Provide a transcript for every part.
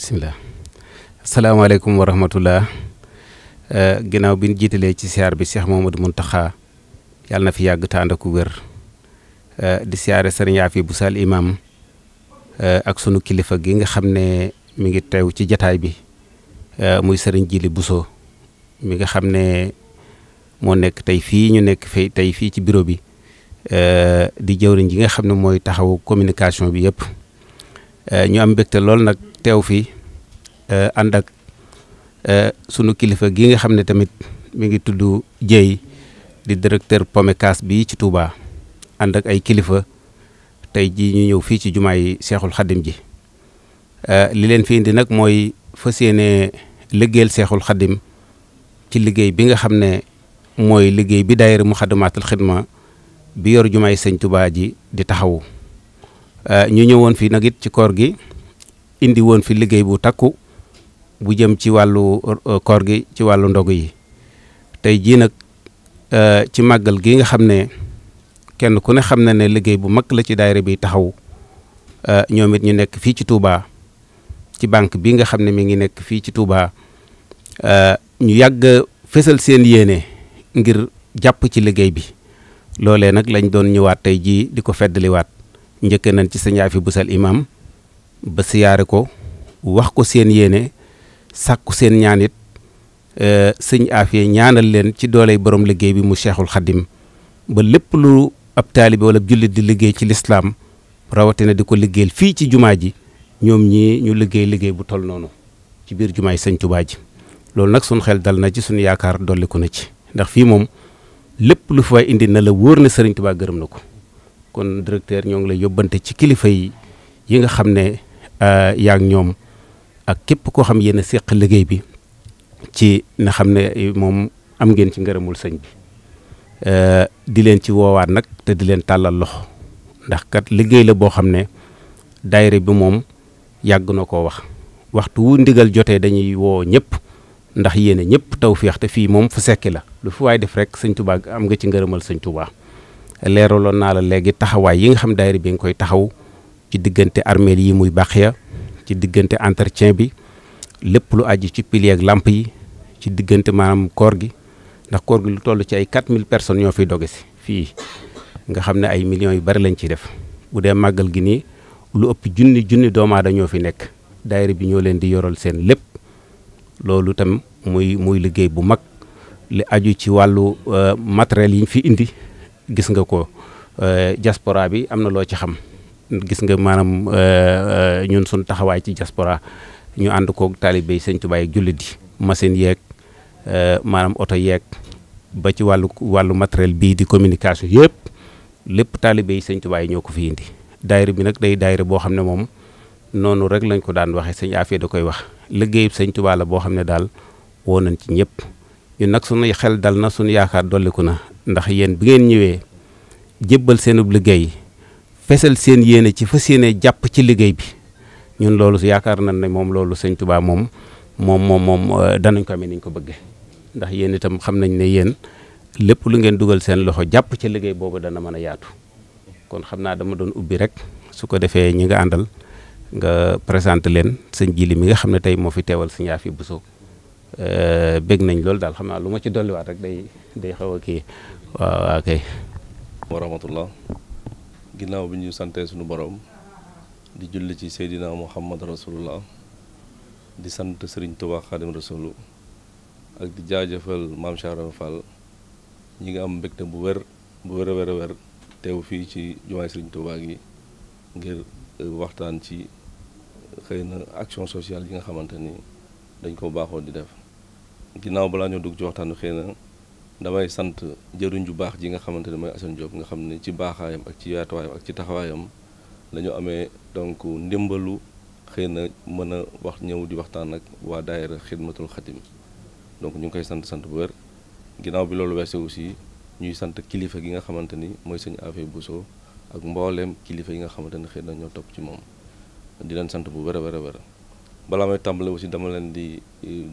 bisimilah salaamaaleykum wa rahmatullah eh, ginnaaw bi ñu jiitalee ci siyaar bi Cheikh mun taxa yàlla na fi yàgg te ànd ak eh, di siyaare sëriñ Afi bu sal imam eh, ak sunu kilifa gi nga xam ne mu ngi teew ci jataay bi muy sëriñ Jili Buso mi nga xam ne moo nekk tey fii ñu nekk fii tey fii ci bureau bi di jëwriñ ji nga xam ne mooy taxaw communication bi yëpp. Eh, ñu am mbégte lool nag teew fii eh, ànd ak eh, sunu kilifa gi nga xam ne tamit mu ngi tudd Dieye di directeur POMECAS bi ci Touba ànd ak ay kilifa tey jii ñu ñëw fii ci jumaa yi Seexul xaddim ji li leen fi indi nag mooy fas yéene liggéeyal Seexul Xadim ci liggéey bi nga xam ne mooy liggéey bi daayira Muxaddamaatul Xidma bi yor jumaay Sëñ Touba ji di taxawu Euh, ñu ñëwoon fi nag it ci koor gi indi woon fi liggéey bu takku bu jëm ci wàllu euh, koor gi ci wàllu ndogu yi tey jii nag euh, ci màggal gi nga xam ne kenn ku ne xam na ne liggéey bu mag la ci daayira bi taxaw ñoom it ñu nekk fii ci Touba ci banque bi nga xam ne mi ngi nekk fii ci Touba ñu yàgg fësal seen yéene ngir jàpp ci liggéey bi loole nag lañ doon ñëwaat tey jii di ko feddaliwaat njëkkee nañ ci sëñ Aafi busal imam ba siyaare ko wax ko seen yéene sàkku seen ñaanit it e, sëñ Aafi ñaanal leen ci dooley borom liggéey bi mu Cheikhul Khadim ba lépp lu ab taalibe wala jullit di liggéey ci lislaam rawatina di ko liggéey fii ci jumaa ji ñoom ñii ñu liggéey liggéey bu toll noonu ci biir jumaay sëñ Tuubaa ji loolu nag sun xel dal na ci suñu yaakaar dolliku na ci ndax fii moom lépp lu fa indi na la wóor na sëriñ Tuubaa gërëm na ko kon directeur ñoo ngi lay yóbbante ci kilifa yi yi nga xam ne euh, yaa ngi ñoom ak képp koo xam yéen a séq liggéey bi ci na xam ne eh, moom am ngeen ci ngërëmul sëñ bi euh, di leen ci woowaat nag te di leen tàllal loxo ndax kat liggéey la boo xam ne daayira bi moom yàgg na ko wax waxtu wu ndigal jotee dañuy woo ñëpp ndax yéene ñëpp taw féex te fii moom fu sekki la lu fi waaye def rek sëñ Tuubaa am nga ci ngërëmal sëñ Tuubaa leeraloon naa la léegi taxawaay yi nga xam daayira bi nga koy taxaw ci diggante armeel yi muy Baxiya ci diggante entretien bi lépp lu aju ci pilier làmp yi ci diggante maanaam koor gi ndax koor gi lu toll ci ay mille personnes ñoo fiy doge si fii nga xam ne ay millions yu bari lañ ciy def bu dee màggal gi nii lu ëpp junni junni doomaa dañoo fi nekk daayira bi ñoo leen di yoral seen lépp loolu tam muy muy liggéey bu mag li aju ci wàllu euh, matériel yi ñu fi indi gis nga ko euh, diaspora bi am na loo ci xam gis nga maanaam euh, ñun suñ taxawaay ci diaspora ñu ànd kook taalibe yi sëñ Tuubaa yeeg jullit yi machine yeeg euh, maanaam oto yeeg ba ci wàllu wàllu matériel bii di communication yëpp lépp taalibe yi sëñ Tuubaa yi ñoo ko fii indi daayira bi nag day daayira boo xam ne moom noonu rek lañ ko daan waxee sëñ Afia da koy wax liggéeyub sëñ Tuubaa la boo xam ne daal woo nañ ci ñëpp ñun nag suñuy xel dal na suñu yaakaar dolliku na ndax yéen bi ngeen ñëwee jébbal seenub liggéey fesal seen yéene ci fas yéene jàpp ci liggéey bi ñun loolu yaakaar nañ ne moom loolu sëñ tubaab moom moom moom moom euh, danañ ko amee niñ ko bëggee ndax yéen itam xam nañ ne yéen lépp lu ngeen dugal seen loxo jàpp ci liggéey boobu dana mën a yaatu kon xam naa dama doon ubbi rek su ko defee ñi nga àndal nga présenté leen sëñ Jili mi nga xam ne tey moo fi teewal sëñ bu Buso Euh, bëgg nañ loolu daal xam naa lu ma ci dolliwaat rek day day xaw a kii waaw waaw kay. wa rahmatullah ginnaaw bi ñu sante suñu borom di julli ci Seydina Muhammad rasulullah di sant Serigne Touba Khadim Rasoul ak di jaajëfal maam Chara ñi nga am mbégte bu wër bu wér a wér a wér teew fii ci jumaay Serigne Touba yi ngir euh, waxtaan ci xëy na action sociale yi nga xamante ni dañ ko baaxoo di def. ginnaaw balaa ñoo dugg ci waxtaanu xëy na damay sant jëruñ ju baax ji nga xamante ne mooy Assane Diop nga xam ne ci baaxaayam ak ci yaatuwaayam ak ci taxawaayam la amee donc ndimbalu xëy na mën a wax ñëw di waxtaan ak waa daayira xidmatul xadim donc ñu ngi koy sant sant bu wér ginnaaw bi loolu weese aussi ñuy sant kilifa gi nga xamante ni mooy sëñ Afé Bousso ak mbooleem kilifa yi nga xamante ne xëy na ñoo topp ci moom di leen sant bu wér a wér balaa may tàmbale aussi dama leen di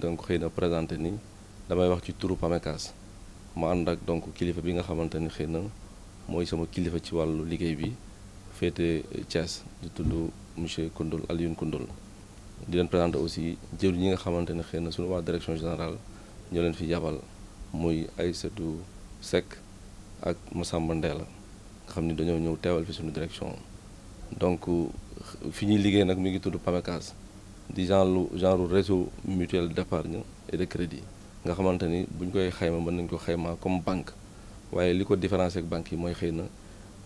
donc xëy na présenté ni damay wax ci turu PAMECAS ma ànd ak donc kilifa bi nga xamante ni xëy na mooy sama kilifa ci wàllu liggéey bi féete Thiès di tudd monsieur Koundoul Alioune Koundoul di leen présenté aussi jëwriñ ñi nga xamante ne xëy na suñu waa direction générale ñoo leen fi yabal muy Aïssatou Seck ak Massamba Ndéla nga xam ni dañoo ñëw teewal fi suñu direction donc fi ñuy liggéey nag mi ngi tudd PAMECAS di genre genre réseau mutuel d'épargne et de crédit nga xamante ni bu koy xayma mën nañ ko xayma comme banque waaye li ko différencier ak banque yi mooy xëy na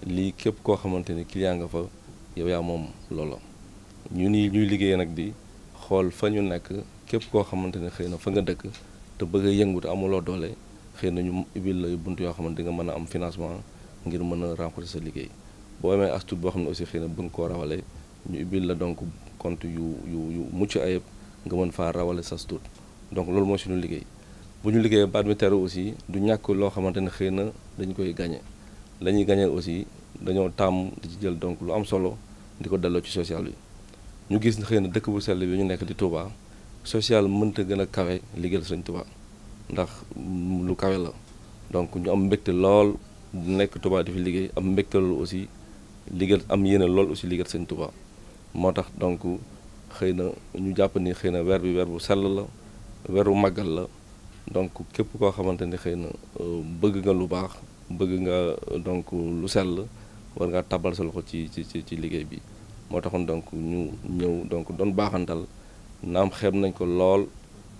lii képp koo xamante kii yaa nga fa yow yaa moom loola. ñu nii ñuy liggéeyee nag di xool fa ñu nekk képp koo xamante ni xëy na fa nga dëkk te bëgg a yëngu te amuloo doole xëy na ñu ubbil la bunt yoo xamante nga mën a am financement ngir mën a renforcer sa liggéey boo amee as boo xam ne aussi xëy na bëgg koo rawale. ñu ubbil la donc compte yu yu yu mucc ayib nga mën faa rawale sas tuut donc loolu mooy suñu liggéey bu ñu liggéeyee ba admetteur aussi du ñàkk loo xamante ne xëy na dañu koy gagné la ñuy aussi dañoo tàmm di ci jël donc lu am solo di ko delloo ci sociale bi ñu gis xëy na dëkk bu sell bi ñu nekk di Touba social mënta gën a kawe liggéeyal Sëñ Touba ndax lu kawe la donc ñu am mbégte lool nekk tubaa di fi liggéey am mbégte lool aussi liggéeyal am yéene lool aussi liggéeyal Sëñ Touba. moo tax donc xëy na ñu jàpp ni xëy na weer bi weer bu sell la weeru màggal la donc képp koo xamante ni xëy na euh, bëgg nga lu baax bëgg nga euh, donc lu sell war nga tabal sa loxo ci ci ci liggéey bi moo taxoon donc ñu ñëw donc doon baaxantal naam xeeb nañ ko lool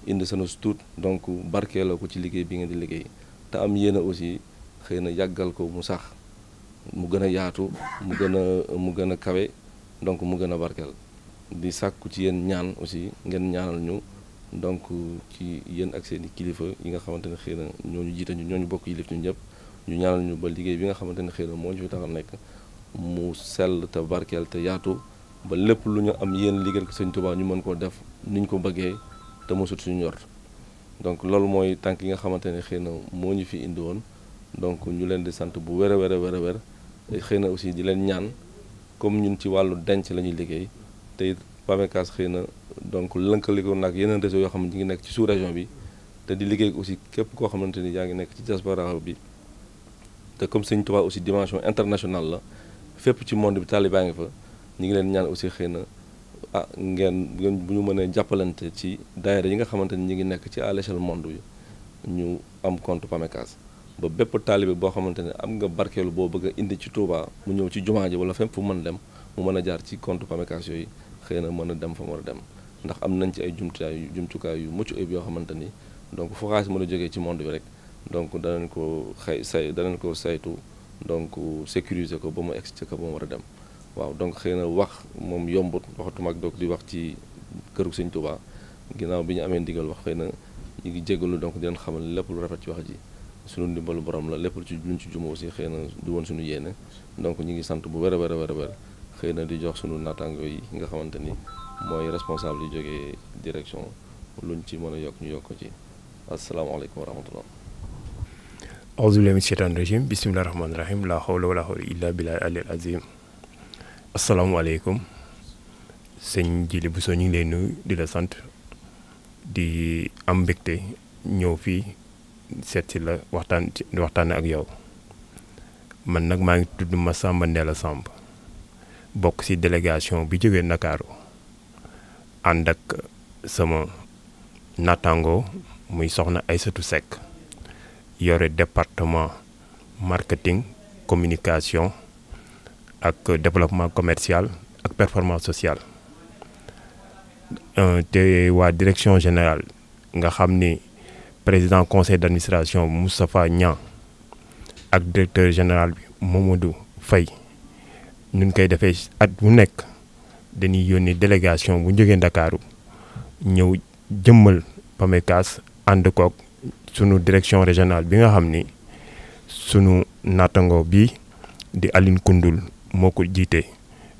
indi seen tuut donc barkeeloo ko ci liggéey bi nga di liggéey te am yéene aussi xëy na yàggal ko mu sax mu gën a yaatu mu gën a mu gën a kawe donc mu gën a barkeel di sàkku ci yéen ñaan aussi ngeen ñaanal ñu donc ci yéen ak seen i kilifa yi nga xamante ne xëy na ñooñu jiite ñu ñooñu bokk yilif ñu ñëpp ñu ñaanal ñu ba liggéey bi nga xamante ne xëy na moo ñu fi nekk mu sell te barkeel te yaatu ba lépp lu ñu am yéen liggéey ko sëñ ñu mën koo def niñ ko bëggee te mosut suñu yor donc loolu mooy tànk yi nga xamante ne xëy na moo ñu fi indi woon donc ñu leen di sant bu wér a wér a wér xëy na aussi di leen ñaan comme ñun ci wàllu denc la ñuy liggéey tey it PAMECAS xëy na donc lëkkaliko nag yeneen réseau yoo xam ne ñu ngi nekk ci sous région bi te di liggéey aussi képp koo xamante ni yaa ngi nekk ci diaspora bi te comme Sëñ Tuubaa aussi dimension international la fépp ci monde bi taalibaa ngi fa ñu ngi leen ñaan aussi xëy na ah ngeen bu ñu mënee jàppalante ci daayira yi nga xamante ni ñu ngi nekk ci à monde yi ñu am compte PAMECAS ba bépp taalibe boo xamante ne am nga barkeelu boo bëgg a indi ci Touba mu ñëw ci jumaa ji wala fépp fu mën dem mu mën a jaar ci compte Pamecas yooyu xëy na mën a dem fa mu war a dem ndax am nañ ci ay jumtukaay jumtukaay yu mucc ayib yoo xamante ni donc fu mën a jógee ci monde rek donc danañ ko xay say danañ ko saytu donc sécuriser ko ba mu egsi ko ba mu war a dem waaw donc xëy na wax moom yombut waxatuma ak doog di wax ci këru Sëñ Touba ginnaaw bi ñu amee ndigal wax xëy na ñu ngi jégalu donc di leen xamal lépp lu ci wax ji. sunu ndimbalu borom la lépp lu ci luñ ci juma aussi xëy na du woon suñu yéene donc ñu ngi sant bu wér a wér a wér xëy na di jox suñu naataango yi nga xamante ni mooy responsable yi jógee direction luñ ci mën a yokk ñu yokk ci asalaamaaleykum wa rahmatullah aousubillahi min cheytaan bisimilah rahmaani rahim laa xawla wala xawla illa billahi alil azim asalaamaaleykum sëñ Jili Bousso ñu ngi lay nuyu di la sant di am mbégte ñëw fii seet si la waxtaan waxtaan ak yow man nag maa ngi tudd Massamba Ndella Samb bokk ci délégation bi jógee Ndakaaru ànd ak sama naataango muy soxna ay Aïssatou Seck yore département marketing communication ak développement commercial ak performance sociale euh, te waa direction général nga xam ni président conseil d'administration Moustapha Niang ak directeur général bi Mamadou Faye ñun koy defee at bu nekk dañuy yónni délégation bu jógee Ndakaaru ñëw jëmmal PAMECAS ànd koog sunu direction régionale bi nga xam ni sunu naataango bi di Aline Koundoul moo ko jiite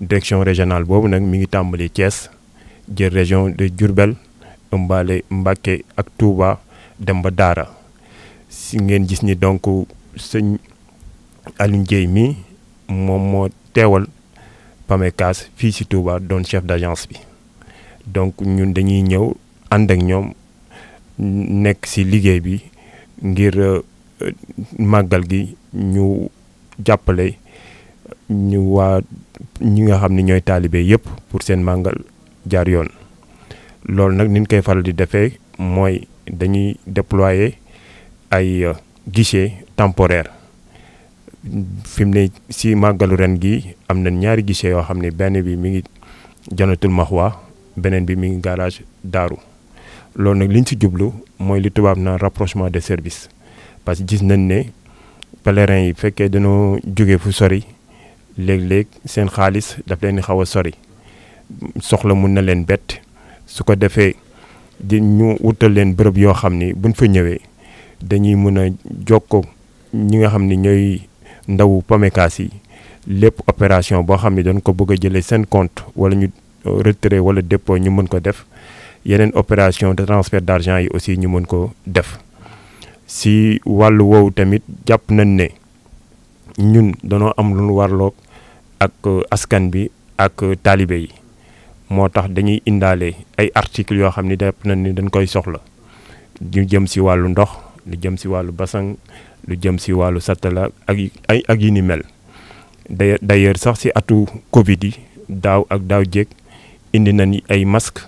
direction régionale boobu nag mi ngi tàmbali Thiès jël région de Diourbel ëmbaale Mbacké ak Touba dem ba daara si ngeen gis ni donc sëñ Alioune mii moom moo teewal pamekaas fii si Touba doon chef d'agence bi donc ñun dañuy ñëw ànd ak ñoom nekk si liggéey bi ngir euh, màggal gi ñu jàppale ñu waa ñi nga xam ne ñooy taalibe yëpp pour seen màggal jaar yoon loolu nag niñ koy faral di defee mooy dañuy déployer ay euh, guichet temporaire fi mu ne si màggalu ren gi am na ñaari guichet yoo xam ne benn bi mi ngi janatul maxwa beneen bi mi ngi garage daaru loolu nag liñ si jublu mooy li tubaab na rapprochement de service parce que gis nañ ne pèlerins yi fekkee dañoo jóge fu sori léeg-léeg seen xaalis daf leen di xaw a sori soxla mun na leen bett su ko defee di ñu wutal leen bërëb yoo xam ni buñ fa ñëwee dañuy mën a jokkoo ñi nga xam ni ñooy ndawu PAMECAS yi lépp opération boo xam ni dañ ko bëgg a jëlee seen compte wala ñu euh, retrait wala dépôt ñu mën ko def yeneen opération de transfert d'argent yi aussi ñu mën ko def si wàll woowu tamit jàpp nañ ne ñun danoo am lu ñu ak euh, askan bi ak euh, taalibe yi moo tax dañuy indaale ay articles yoo xam ni def nañ ni dañ koy soxla lu jëm si wàllu ndox lu jëm si wàllu basang lu jëm si wàllu satala ak ay ak yi ni mel d'ailleurs sax si atu Covid yi daaw ak daaw jéeg indi nañ ay masque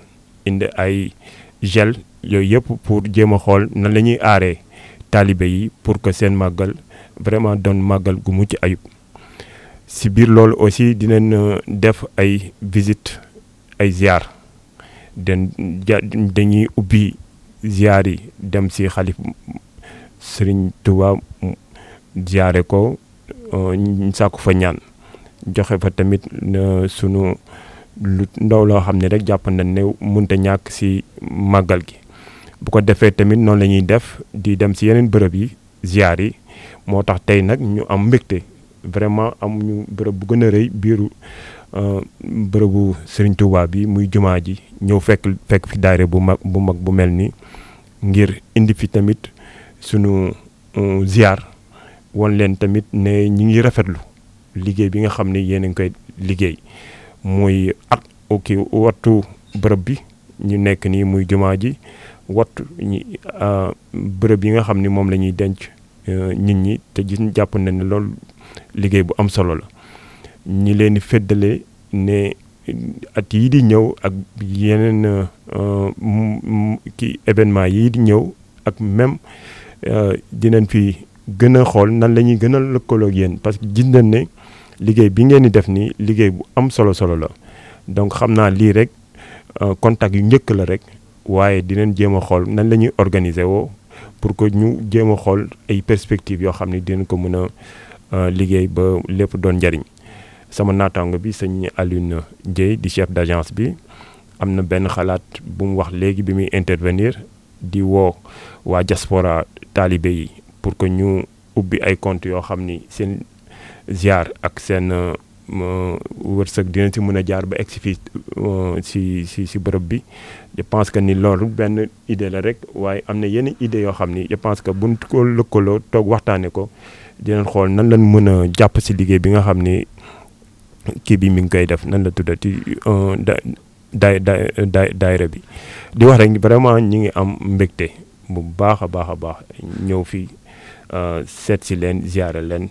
indi ay gel yooyu yëpp pour jéem a xool nan la ñuy aaree taalibe yi pour que seen màggal vraiment doon màggal gu mucc ayib si biir loolu aussi dinañ euh, def ay visite ay ziar den dañuy ubbi ziar yi dem si xalif Sëriñ Tuubaa ziare ko euh, sàkku fa ñaan joxe fa tamit euh, sunu lu ndaw loo xam ne rek jàpp nañ ne mënta ñàkk si màggal gi bu ko defee tamit noonu lañuy def di dem si yeneen bërëb yi ziar yi moo tax tey nag ñu am mbégte vraiment amuñu bërëb bu gën a rëy biiru euh, bërëbu Serigne Touba bi muy jumaa ji ñëw fekk fekk fi daayira bu mag bu mag bu mel ni ngir indi fi tamit sunu euh, ziar won leen tamit ne ñu ngi rafetlu liggéey bi nga xam ne yéen a ngi koy liggéey muy at ok wattu bërëb bi ñu nekk nii muy jumaa ji wattu ñi euh, bërëb yi nga xam ni moom lañuy ñuy denc nit ñi te ji jàpp na ne loolu liggéey bu am solo la ñu leen di ne at yii di ñëw ak yeneen euh, ki événement yii di ñëw ak même euh, dinañ fi gën a xool nan la ñuy gën a lëkkaloo ak yéen parce que gis nañ ne liggéey bi ngeen di def nii liggéey bu am solo solo la donc xam naa lii rek euh, contact yu njëkk la rek waaye dinañ jéem a xool nan la ñuy organiser woo pour que ñu jéem a xool ay perspectives yoo xam ne dinañ ko mën a Euh, liggéey ba lépp doon njariñ sama naataango bi sëñ Alioune Dieye di chef d'agence bi am na benn xalaat bu mu wax léegi bi muy intervenir di woo waa jaspora taalibe yi pour que ñu ubbi ay compte yoo xam ni seen ziar ak seen euh, wërsëg dina ci mën a jaar ba egg si si si euh, si bërëb bi je pense que ni loolu benn idée la rek waaye am na yeneen idée yoo xam ni je pense que buñ ko lëkkaloo toog waxtaanee ko dinañ xool nan lañ mën a jàpp si liggéey bi nga xam ni kii bi mi ngi koy def nan la tuddati daay euh, daay daayira bi di wax rek vraiment ñu ngi am mbégte bu baax a baax a baax ñëw fii euh, seet si leen ziyaare leen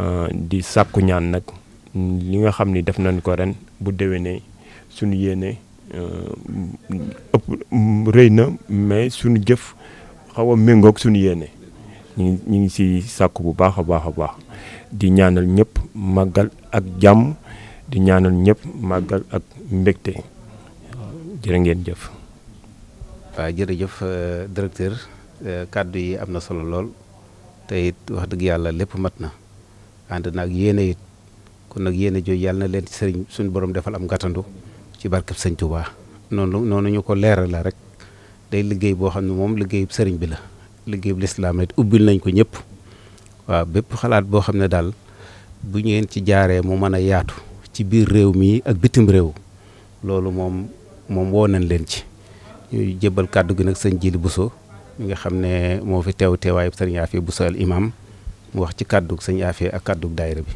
euh, di sàkku ñaan nag li nga xam ni def nañ ko ren bu déwénee suñu yéene ëpp rëy na mais suñu jëf xaw a méngoog suñu yéene ñu ñu ngi si sàkku bu baax a baax a baax di ñaanal ñëpp màggal ak jàmm di ñaanal ñëpp màggal ak mbégte jërë ngeen jëf. waaw jërëjëf euh, directeur euh, kàddu yi am na solo lool te it wax dëgg yàlla lépp mat na ànd naag yéene it kon nag yéene jooju yàlla na leen ci sëriñ suñu borom defal am gàttandu ci barkeb sëñ Touba noonu noonu ñu ko leeral la rek day liggéey boo xam ne moom liggéeyu sëriñ bi la. liggéey bu lislaam it ubbil nañ ko ñépp waaw bépp xalaat boo xam ne daal bu ngeen ci jaaree mu mën a yaatu ci biir réew mi ak bitim réew loolu moom moom woo nañ leen ci ñuy jébbal kàddu gi nag sëñ Jili Buso nga xam ne moo fi teew teewaayu sëñ Afia Buso al imam mu wax ci kàddu sëñ Afia ak kàddu daayira bi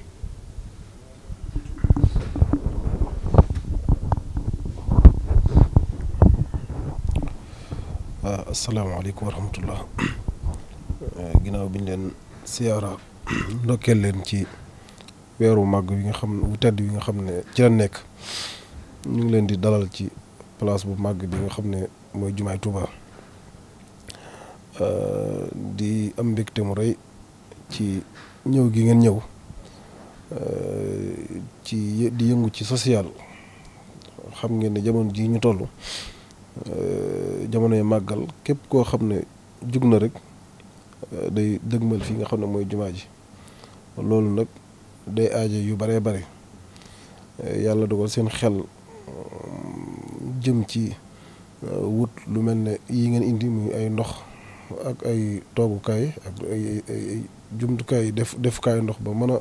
waaw asalaamaaleykum wa ginnaaw bi ñu leen siyaara ndokkeel leen ci weeru màgg wi nga xam wu tedd wi nga xam ne ci la nekk ñu ngi leen di dalal ci place bu màgg bi nga xam ne mooy jumaay Touba di am mbégte mu rëy ci ñëw gi ngeen ñëw ci di yëngu ci social xam ngeen ne jamono ji ñu toll jamonoy màggal képp koo xam ne jug na rek day dëgmal fi nga xam ne mooy jumaa ji loolu nag day aaje yu baree bare yàlla dogal seen xel mm, jëm ci uh, wut lu mel ne yi ngeen indi muy ay ndox ak ay toogukaay ak ay ay jumtukaay def defukaayu ndox ba mën a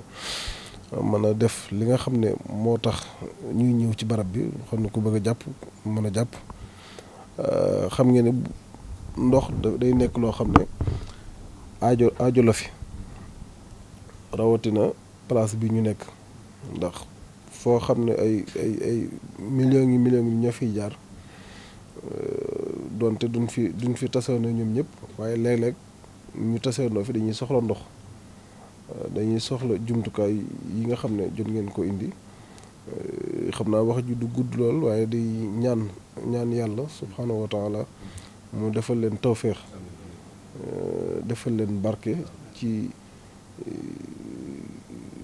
mën a def li nga xam ne moo tax ñuy ñëw ci barab bi xam ne ku bëgg a jàpp mën a jàpp uh, xam ngeen ne ndox day nekk loo xam ne ajo aajo la fi rawatina place bi ñu nekk ndax foo xam ne ay ay million ngi yi millions yi ñoo fiy jaar euh, donte duñ fi duñ fi tasewnoo ñoom ñëpp waaye léeg-léeg ñu tasewnoo fi dañuy soxla ndox euh, dañuy soxla jumtukaay yi nga xam ne jot ngeen ko indi euh, xam naa wax ji du gudd lool waaye di ñaan ñaan yàlla subhaanahu wa mu defal leen tawféex Euh, defal leen barke ci euh,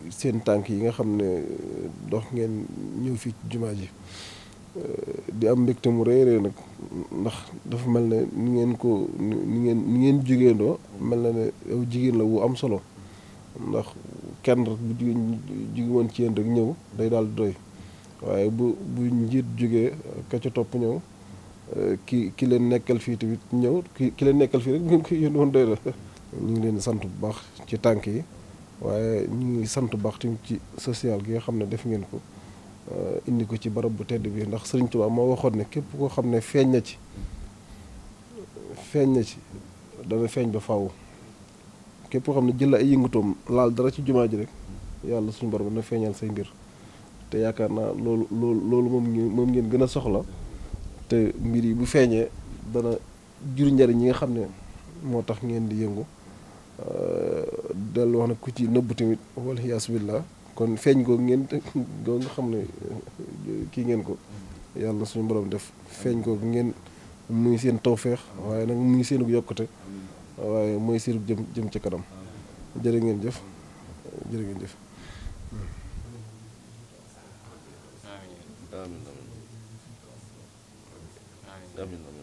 seen tànk yi nga xam ne euh, dox ngeen ñëw fii ci jumaa ji di am mbégte mu rëy rëy nag ndax dafa mel ne ni ngeen ko ni ngeen ni ngeen jigéendoo mel na ne yow jigéen la wu am solo ndax kenn rek bu jigéen woon ci yéen rek ñëw day daal di doy waaye bu bu njiit jógee ka ca topp ñëw ki ki leen nekkal fii tamit ñëw ki ki leen nekkal fii rek ngeen ko yónni woon doy la ñu ngi leen sant bu baax ci tànk yi waaye ñu ngi sant bu baax tamit ci social gi nga xam ne def ngeen ko euh, indi ko ci barab bu tedd bi ndax Sëriñ Tuubaa moo waxoon ne képp koo xam ne feeñ na ci feeñ na ci dana feeñ ba faw képp koo xam ne jël ay yëngatoom laal dara ci jumaa ji rek yàlla suñu borom dana feeñal say mbir te yaakaar naa loolu loolu loolu moom moom ngeen gën a soxla te mbir yi bu feeñee dana jur njariñ ñi nga xam ne moo tax ngeen di yëngu euh, dellu wax nag ku ci nëbbu tamit wala yaas billah kon feeñ ko ngeen goo xam ne euh, kii ngeen ko yàlla na suñu borom def feeñ ko ngeen muy seen tawféex waaye nag muy seen yokkute waaye mooy seen jëm jëm ci kanam jërë ngeen jëf jërë ngeen jëf amiin